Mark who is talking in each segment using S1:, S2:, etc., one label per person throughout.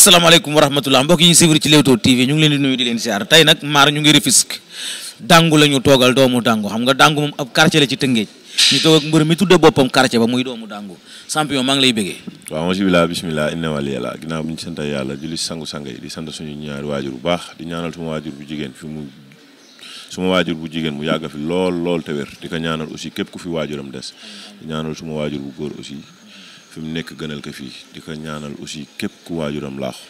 S1: asalaamaaleykum wa rahmatullah mbokk yi ñu suivre ci Leewtoo TV ñu ngi leen di nuyu di leen siyaar tey nag maar ñu ngi Rufisque dàngu la ñu toogal doomu dàngu xam nga dàngu moom ab quartier la ci Tëngéej ñu toog mbër mi tudde boppam quartier ba muy doomu dàngu champion maa ngi lay bëggee
S2: waaw mosi bilaa bismillah inna wali yàlla ginnaaw bi ñu sant yàlla julli sangu sang yi di sant suñu ñaari waajur bu baax di ñaanal suma waajur bu jigéen fi mu suma waajur bu jigéen mu yàgg fi lool lool te di ko ñaanal aussi képp ku fi waajuram des di suma waajur bu góor fi mu nekk gënal ko fii di ko ñaanal aussi képp ku waajuram laaxu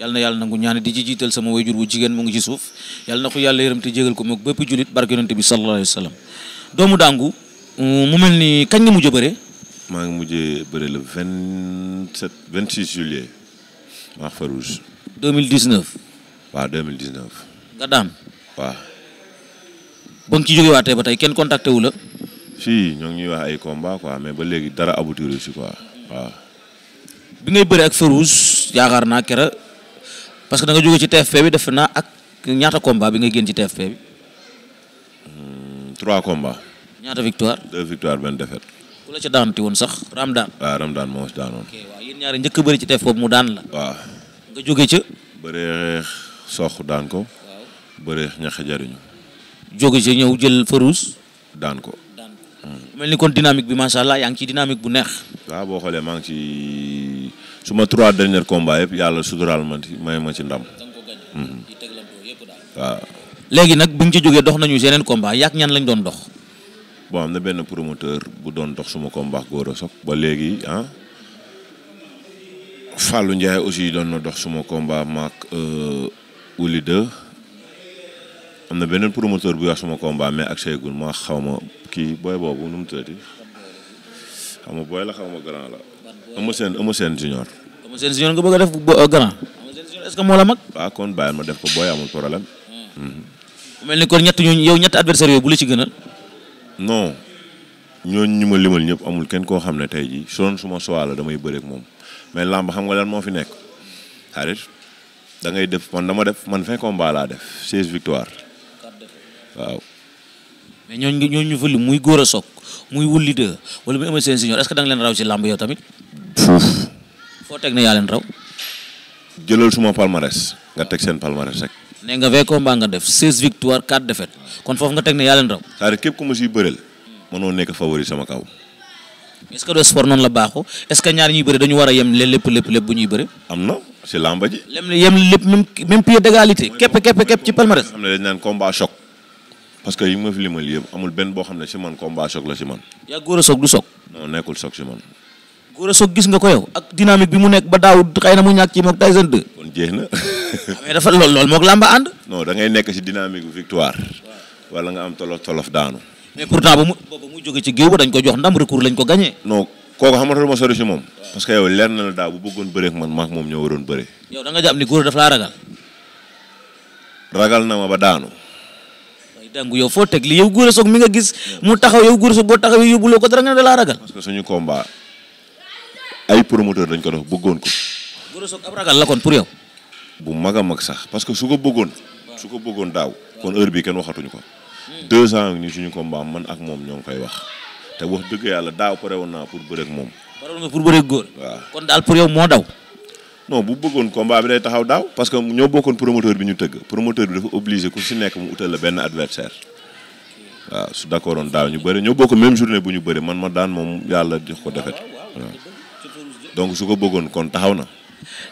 S1: yàlla na yàlla nangu ñaani di ci jiital sama wayjur bu jigéen moo ngi ci suuf yàlla na ko yàlla yërëm te jégal ko moom bépp julit barke yonente bi sallallahu alayhi wa sallam doomu dàngu mm, mu mel ni kañ nga mujj a bëre
S2: maa ngi mujjee bëre le 27 26 juillet maa farouge 2019 waaw 2019 nga daan waaw ba nga ci waatee ba tey kenn contacté wu la si ñoo ngi ñuy wax ay combat quoi mais ba léegi dara aboutir si quoi bi ngay bëri ak Farouz yaakaar naa kera
S1: parce que na nga jóge ci TFP bi def naa ak ñaata combat bi ngay génn ci TFP bi.
S2: Hmm, trois combats. ñaata victoire. deux victoire benn défaite. ku la ca moo si daanoon. ok waaw yéen
S1: ñaari njëkk bëri ci TFP boobu mu daan la. waaw
S2: nga jóge ca. bëree sox daan ko. waaw bëree ñax jóge ca ñëw jël Farouz. daan ko.
S1: mel ni kon dynamique bi macha allah yaa ngi ci dynamique
S2: bu neex. waaw boo xoolee maa ngi ci suma trois derniers combats yëpp yàlla suturaal ma ci may ma ci ndam. Mhm. waaw. léegi nag bu ñu ci jógee dox nañu yeneen combat yàgg ñan lañu doon dox. bon am na benn promoteur bu doon dox suma combat góor a ba léegi ah Fallou aussi doon na dox suma combat maak euh, Wuli 2 xam na beneen promoteur bu yor sama combat mais ak Seygun ma xaw ma kii booy boobu nu mu tuddati xaw ma booy la xaw ma grand la. Eumeu seen Eumeu Sène junior. nga bëgg def bu euh, Eumeu Sène junior est-ce la mag. kon bàyyil ma def ko booy amul problème. mu hmm. hmm.
S1: mel ni kon ñett ñooñu yow ñett adversaire yooyu bu ci gën a.
S2: non ñooñu ñu ma limal ñëpp amul kenn koo xam ne tey jii son suma soxla la damay bëreek moom mais làmb xam nga leen moo fi nekk xarit dangay def man dama def man fin combat laa def 16 victoire. waaw mais ñooñu ñooñu ñu fa lim muy Gora Sock muy Wuli De wala muy Eumeu Sène Junior est-ce que
S1: da nga leen raw ci làmb yow tamit.
S2: fuuf. foo teg ne yaa leen raw. jëlal suma palmarès nga teg seen palmarès rek. ne nga vingt combats nga def seize victoires quatre défaites kon
S1: foofu nga teg ne yaa leen raw. cest à képp ma siy bëreel. la baaxoo a yem lépp lépp lépp bu ñuy bëri. am na si làmba ji. lem képp ci palmarès.
S2: combat choc. parce que yi ma fi limal yëpp amul benn boo xam ne si man combat la si man. yaa góor a soog du soog. non nekkul soog si man.
S1: góor a soog gis nga ko yow ak dynamique bi mu nekk ba daaw xay na mu ñàkk ci mook Tyson 2.
S2: kon jeex na. Ah, mais dafa lool lool
S1: mook làmba ànd.
S2: non da ngay nekk si dynamique victoire. wala nga am tolof tolof daanu. mais pourtant ba mu booba mu jóge ci géew ba ko jox ndam recours lañ ko gagné. non kooku xamatul ma sori si moom. parce que yow leer na la moom ñoo waroon bëre.
S1: yow da nga jàpp ni góor na
S2: ma ba daanu. dangu
S1: yow foo teg li yow Gora Sock mi nga gis mu taxaw yow Gora Sock boo taxaw yow yóbbuloo ko dara nga ne da laa ragal.
S2: parce que suñu combat ay promoteur dañ ko def bëggoon ko. Gora Sock ab ragal la kon pour yow. bu mag a mag sax parce que su ko bëggoon. su ko bëggoon daaw. kon heure bi kenn waxatuñu ko. deux ans ni suñu combat man ak moom ñoo ngi koy wax te wax dëgg yàlla daaw pare woon naa pour bëreeg moom. pare woon nga pour bëreeg góor. kon daal pour yow moo daw. non bu bëggoon combat bi day taxaw daaw parce que ñoo bokkoon promoteur bi ñu tëgg promoteur bi dafa obligé ku si nekk mu utal la benn adversaire waaw su d'accord daaw ñu bëri ñoo bokk même journée bu ñu bëri man ma daan moom yàlla di ko defet donc su ko bëggoon kon taxaw na.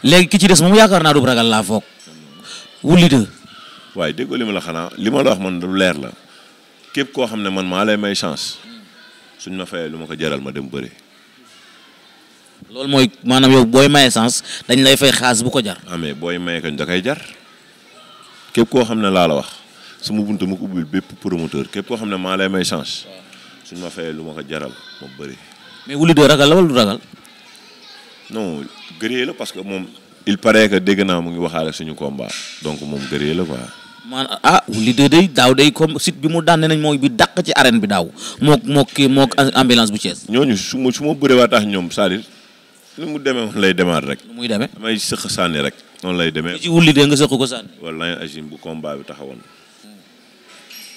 S2: léegi ki ci des moom yaakaar naa du ragal laa foog. wuli de. waaye déggoo li ma la xanaa li ma la wax man lu leer la képp koo xam ne man maa lay may chance suñ ma fayee lu ma ko jaral ma dem bëri. loolu mooy maanaam yow booy maye essence dañ lay fay xaas bu ko jar. ah booy maye kañ da koy jar képp koo xam ne laa la wax ma buntu mu ubbil bépp promoteur képp koo xam ne maa lay may chance suñ ma fayee lu ma ko jaral ma bëri. mais wuli de la wala du ragal. non la parce que moom. il paraît que dégg naa mu ngi waxaale suñu combat donc moom gëree la quoi. maanaam ah wuli de day daaw day comme site bi
S1: mu daan nañ mooy bi dàq ci arène bi daaw
S2: mook mook kii mook ambulance bu Thiès. ñooñu su ma su ma bëree waa tax ñoom cest nu mu demee woon lay demaat rek. nu muy demee damay sëq sànni rek. noonu lay demee ci wulli nga sëq ko sànni. wallaahi agim bu combat bi taxawoon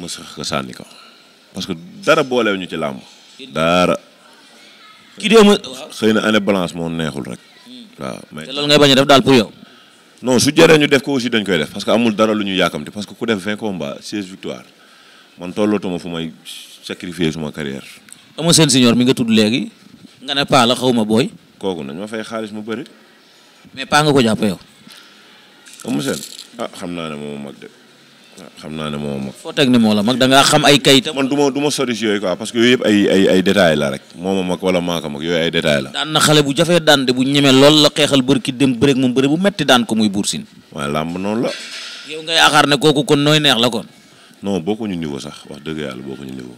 S2: ma sëq ko sànni ko parce que dara boolew ñu ci làmb. dara. ki di ama xëy na année balance moo neexul rek. Hmm. waaw mais te loolu ngay bañ a def daal pour yow. non su jëree ñu def ko aussi dañ koy def parce que amul dara lu ñu yàkkamti parce que ku def vingt combats seize victoire man tollootuma fu may sacrifier suma carrière. ama seen senior mi nga tudd léegi. nga ne paa la xaw ma booy. kooku nañ ma fay xaalis mu bëri. mais paa nga ko jàpp yow. Oh, Eumeu Sène ah xam naa ne moom mag de ah, xam naa ne moom mag. foo teg la mag da ngaa xam ay kayitam. man du ma du ma sori yooyu quoi parce que yooyu yëpp ay ay ay détails la rek moo ma mag wala maa mag yooyu ay détails la.
S1: daan na xale bu jafee daan de bu ñemee lool la xeexal bër ki dem bëreeg moom bëri bu metti daan ko muy buur
S2: siin. waaye làmb noonu la. yow nga yaakaar ne kooku kon nooy neex la kon. non bokkuñu niveau sax wax dëgg yàlla bokkuñu niveau.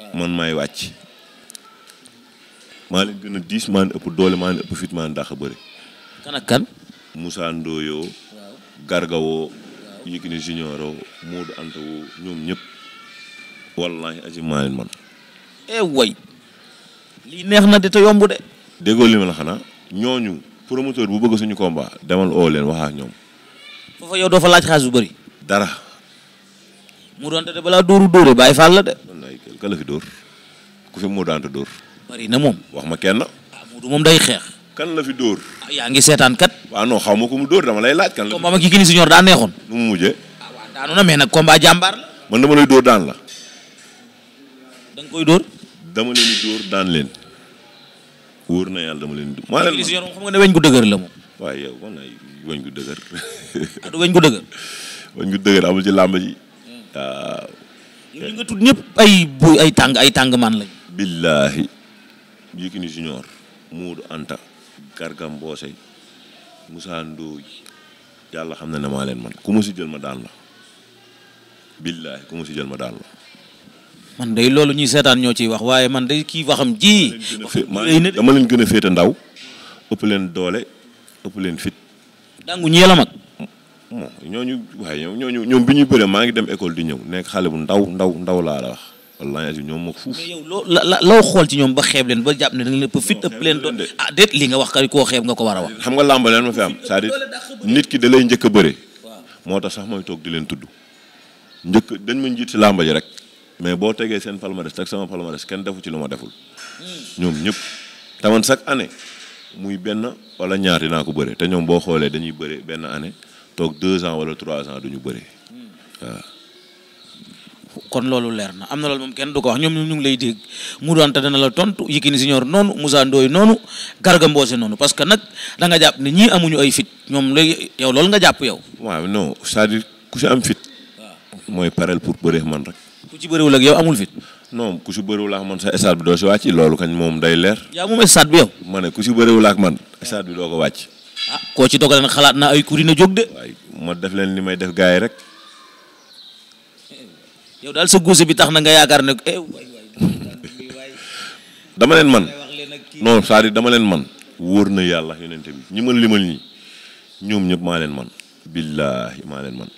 S2: man maay wàcc maa leen gën a diis maa leen ëpp doole maa leen ëpp fit maa leen dàq bëri. kan ak kan. Moussa Ndoyo. Gargawoo. Yékini Junioro Modou Anta ñoom ñëpp. wallaahi aji maa leen man.
S1: eh lii neex na de te yomb de.
S2: déggoo li ma la xanaa ñooñu promoteur bu bëgg suñu combat demal oo leen wax ak ñoom. foofa yow doo fa laaj xaalis bu bëri. dara. mu doon de balaa dóoru dóore bàyyi faal la de. ka la fi dóor ku fi mu daanta dóor. bari na moom. wax ma kenn. ah Modou moom day xeex. kan la fi dóor. ah yaa ngi seetaan kat. waaw non xaw ma ko mu dóor dama lay laaj. kan la combat ma Yékini
S1: Junior daa neexoon. nu mu
S2: mujjee. ah la. man dama lay da leen di daan leen. wóor na yàlla dama leen di. maa ne weñ gu dëgër la moom. waaw yow man ay weñ gu dëgër. ah du weñ gu dëgër. weñ gu dëgër amul ci làmb ji. Hmm. Ah, ñi nga tudd ñëpp ay ay tàng ay tàng man lañ. billaahi. Yékini Junior. Moodu Anta. Garga Mbossé. Moussa Ndoye. yàlla xam na ne maa leen man ku ma si jël ma daan la. billaahi ku jël ma daan man de loolu ñuy seetaan ñoo ciy wax waaye man day kii waxam ji. dama leen gën a féete ndaw. ëpp leen doole ëpp leen fit. dangu ñee la bon ñooñu waaye ñooñu ñoom bi ñuy bëree maa ngi dem école di ñëw nekk xale bu ndaw ndaw ndaw laa la wax wallaahi si ñoom mook fuuf
S1: mais loo xool ci ñoom ba xeeb leen ba jàpp ne da nga leen fit ëpp leen doon ah déet li nga wax kay koo xeeb nga ko a wax
S2: xam nga làmb leen ma am cest à nit ki da lay njëkk a bëre moo tax sax mooy toog di leen tudd njëkk dañ ma njiit si làmba ji rek mais boo tegee seen palmarès ak sama des kenn defu ci lu ma deful hmm. ñoom ñëpp taman chaque année muy benn wala ñaar naa ko bëre te ñoom boo xoolee dañuy bëre benn année toog deux ans wala trois ans duñu ñu bëri hmm. kon loolu leer na am
S1: na lool moom kenn du ko wax ñoom ñu ngi lay dégg mu doon dana la tontu Yékini Junior noonu Moussa Ndoye noonu Garga Mbossé noonu parce que nag danga jàpp ne ñii amuñu ay fit ñoom léegi yow loolu nga jàpp yow.
S2: waa non cest à ku si am fit. mooy parel pour bëree man rek. ku ci bëriwul ak yow amul fit. non ku si bëriwul ak man sa stade bi doo si wàcc loolu kañ moom day leer. yaa moom stade bi yow. ma ku si bëriwul ak man stade bi doo ko wàcc. ah koo ci dogal xalaat na ay ku dina jóg de. waay ma def leen li may def gars yi rek. daal sa guuse bi tax na nga yaakaar ne eh dama leen man non cest à dama leen man wóor na yàlla yonente bi ñi ma limal ñi ñoom ñëpp maa leen man billaahi maa leen man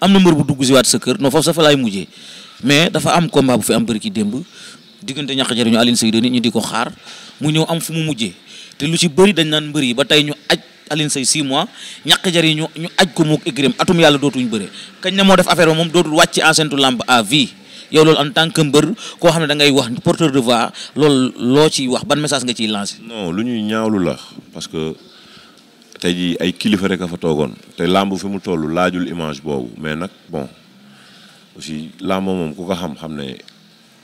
S2: am na mbër bu dugg si waat sa kër non foofu sa fa laay mais dafa am
S1: combat bu fi am bëri ki démb diggante ñàkk jariñu Alioune Seye nit ñi di ko xaar mu ñëw am fu mu mujjee te lu ci bëri dañ naan mbër yi ba tey ñu aj alin Seye 6 mois ñàkk jari ñu ñu aj ko mook égrim atum yàlla dootuñu bëre kañ na moo def affaire moom dootul wàcc ci enceintu lamb à vie yow loolu en tant que mbër koo xam ne dangay ngay wax porteur de voix loolu loo ciy wax ban message nga ciy lancé.
S2: non lu ñuy ñaawlu la parce que tey jii ay kilifa rek a fa toogoon te lamb fi mu tollu laajul image boobu mais nag bon aussi lamb moom ku ko xam-xam ne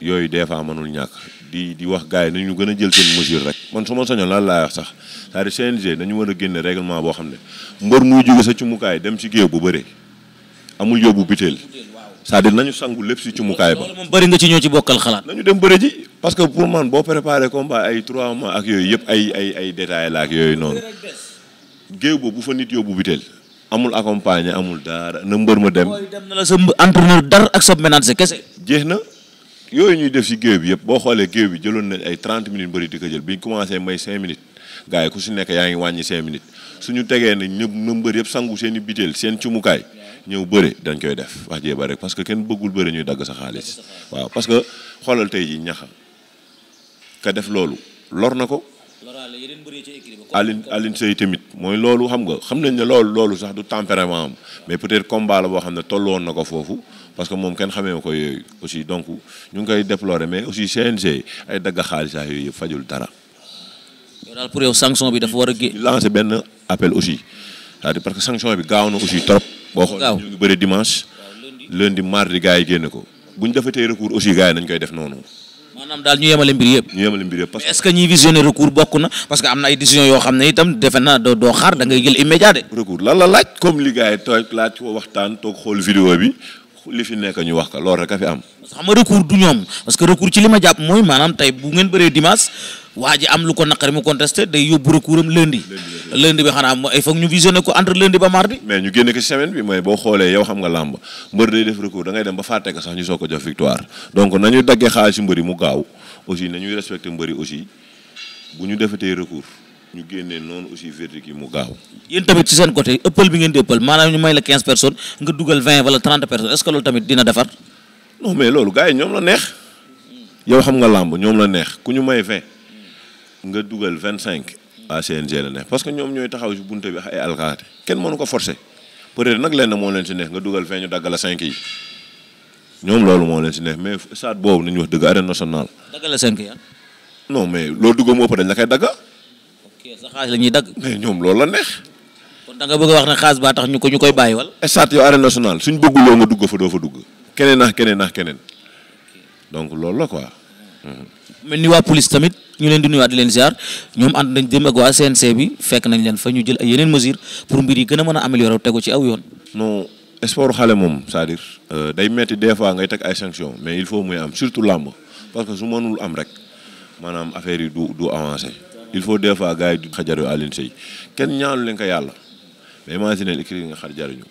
S2: yooyu des fois mënul ñàkk di di wax gars yi ñu gën a jël seen mesure rek man su ma sañoon lan laay sax. cest à dañu war a génne règlement boo xam ne mbër muy jóge sa cumukaay dem ci géew bu bëri amul yóbbu biteel c'est-à-dire nañu sangu lépp si cumukaay ba. loolu moom bëri nga ci ñoo ci bokkal xalaat. nañu dem bëri ji parce que pour man boo préparé combat ay 3 mois ak yooyu yëpp ay ay ay ak yooyu noonu géew boobu bu fa nit yóbbu biteel. amul accompagné amul dara na mbër ma dem. dem na sa entraîneur dar ak sa ménage kese. jeex na yooyu ñuy def si géew bi yëpp boo xoolee géew bi jëloon nañ ay 30 minutes bëri di ko jël bi commencé may 5 minutes. gars yi ku si nekk yaa ngi wàññi cinq minutes suñu tegee ne ñëpp na mbër yëpp sangu seeni i biteel seen cumukaay ñëw bëre dañ koy def wax jee ba rek parce que kenn bëggul bëre ñuy dagg sa xaalis waaw parce que xoolal tey ji ñaxa ka def loolu lor na ko Aline Aline Seye tamit mooy loolu xam nga xam nañ ne loolu loolu sax du tempérament am mais peut-être combat la boo xam ne tolloon na ko foofu parce que moom kenn xamee ko yooyu aussi donc ñu ngi koy déplorer mais aussi CNG ay dagg xaalis yooyu yëpp fajul dara daal pour yow sanction bi dafa war a. di lancer benn appel aussi parce que sanction bi gaaw na aussi trop. boo xool ñu ngi bëri dimanche. lundi mardi gars génn ko. bu ñu defatee recours aussi gars nañ koy def noonu. maanaam daal ñu yemale mbir yëpp. parce
S1: que est-ce recours bokk na parce
S2: que am na décision yoo xam ne itam defe naa doo xaar da ngay immédiat de. recours lan la laaj comme li gars toog laaj ko waxtaan toog xool vidéo bi li waa ji am lu ko naqari mu contesté day yóbbu recours am lundi lundi bi xanaa mooy foog ñu visionné ko entre lundi ba mardi mais ñu génne ko ci semaine bi mooy boo xoolee yow xam nga làmb mbër day def recours da ngay ñu soog ko jox victoire ñu defatee recours noonu aussi verdict yi mu gaaw. yéen tamit ci seen côté ëppal bi ngeen di ëppal maanaam ñu may
S1: la quinze personnes nga dugal vingt wala trente personnes est-ce que loolu tamit yi ñoom la neex.
S2: yow xam nga làmb ñoom la neex ku ñu may vingt nga dugal vingt cinq à CNG la neex parce que ñoom ñooy taxaw si bunte bi ay alkaate kenn mënu ko forcer peut-être nag lenn moo leen si neex nga dugal feeñu dagg la cinq yi ñoom loolu moo leen si neex mais stade boobu nañu wax dëgg arène nationale. dagg la cinq ya ah. non mais loolu dugg moo ëpp dañ la kay dagg. ok sa xaalis la ñuy dagg. mais ñoom loolu la neex. kon da nga bëgg wax ne xaalis baa tax ñu ko ñu koy bàyyi wala. stade yow arène nationale suñ bëgguloo nga dugg fa doo dugg. keneen ak keneen ak keneen donc loolu la quoi.
S1: mel ni waa police tamit ñu leen di nuyuwaat di leen ziar ñoom ànd nañ dem ak waa CNC bi fekk nañ leen fa ñu jël yeneen mesure pour mbir yi gën a mën a améliorer tegu ci aw yoon.
S2: non sport xale moom c'est-à-dire euh, day metti des fois ngay teg ay sanctions mais il faut muy am surtout làmb parce que su mënul am rek maanaam affaire yi du du avancé il faut des fois gars yi du xajaru Alioune Seye kenn ñaanu leen ko yàlla mais imaginer li nga xar jariñu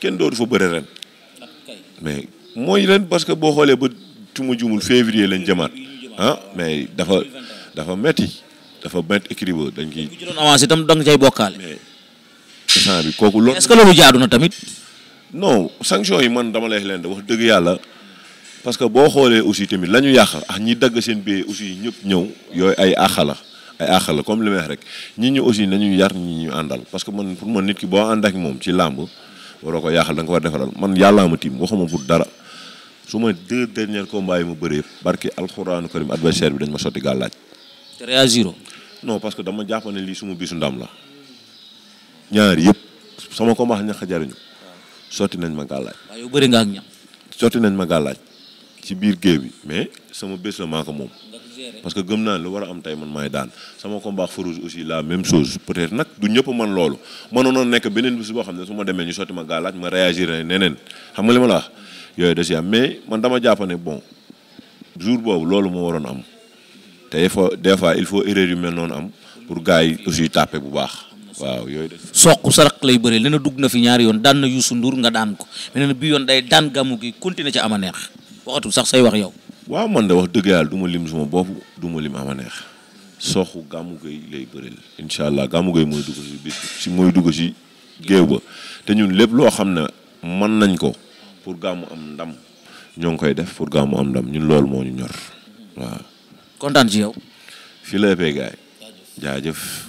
S2: kenn dootu fa bëre ren ah, mais mooy su ma juumul février lañ jëmaat ah mais dafa dafa metti dafa métti écrit ba dañ ciy. bu ci doon avancé itam da nga cay bokkaale. mais instant bi kooku loolu. est-ce que loolu na tamit. non sanction yi man dama lay leen wax dëgg yàlla parce que boo xoolee aussi tamit la ñu yàq ak ñi dagg seen bee aussi ñëpp ñëw yooyu ay àqala ay àqala comme li may wax rek ñi ñu aussi nañu yar ñi ñu àndal parce man pour man nit ki boo ànd ak moom ci làmb waroo ko yàqal da nga ko war defaral man yàllaa ma tiim waxuma pour dara. suma deux derniers combats yi ma bëri yëpp barki alxuraanu karim adversaire bi dañ ma sotti gàllaaj te non parce que dama jàpp lii suma bisu ndam la ñaari yëpp sama combat ñax jariñu sotti nañ ma gàllaaj yow bëri nga ak ñax sotti nañ ma gàllaaj ci biir géew bi mais sama bés la maa ko moom parce que gëm naa lu war a am tey man maay daan sama combat Farouz aussi la même chose peut-être nag du ñëpp man loolu mënoon nekk beneen bés boo xam ne su ma demee ñu sotti ma gàllaaj ma réagir ne neneen xam nga li ma laa yooyu da si am mais man dama jàpp ne bon jour boobu loolu moo waroon am te il faut des fois il faut erreur yu mel noon am pour gars yi aussi tàppe bu baax waaw yooyu de soq sa raq lay bëree lena dugg na fi ñaari yoon
S1: daan na Youssou nduur nga daan ko mais nee bi yoon day daan gàmmu gi continuer ca ama neex waxatu sax say wax
S2: yow waaw man de wax dëgg yàlla du ma lim suma bopp du ma lim ama neex soxu gàmmu gay lay bëreel incha allah gàmmu gi mooy dugg si biir si mooy dugg si géew ba te ñun lépp loo xam ne mën nañ ko pour gàmmu am ndam ñoo ngi koy def pour gàmmu am ndam ñun loolu moo ñu ñor waaw. kontaan si yow. fii la ëppee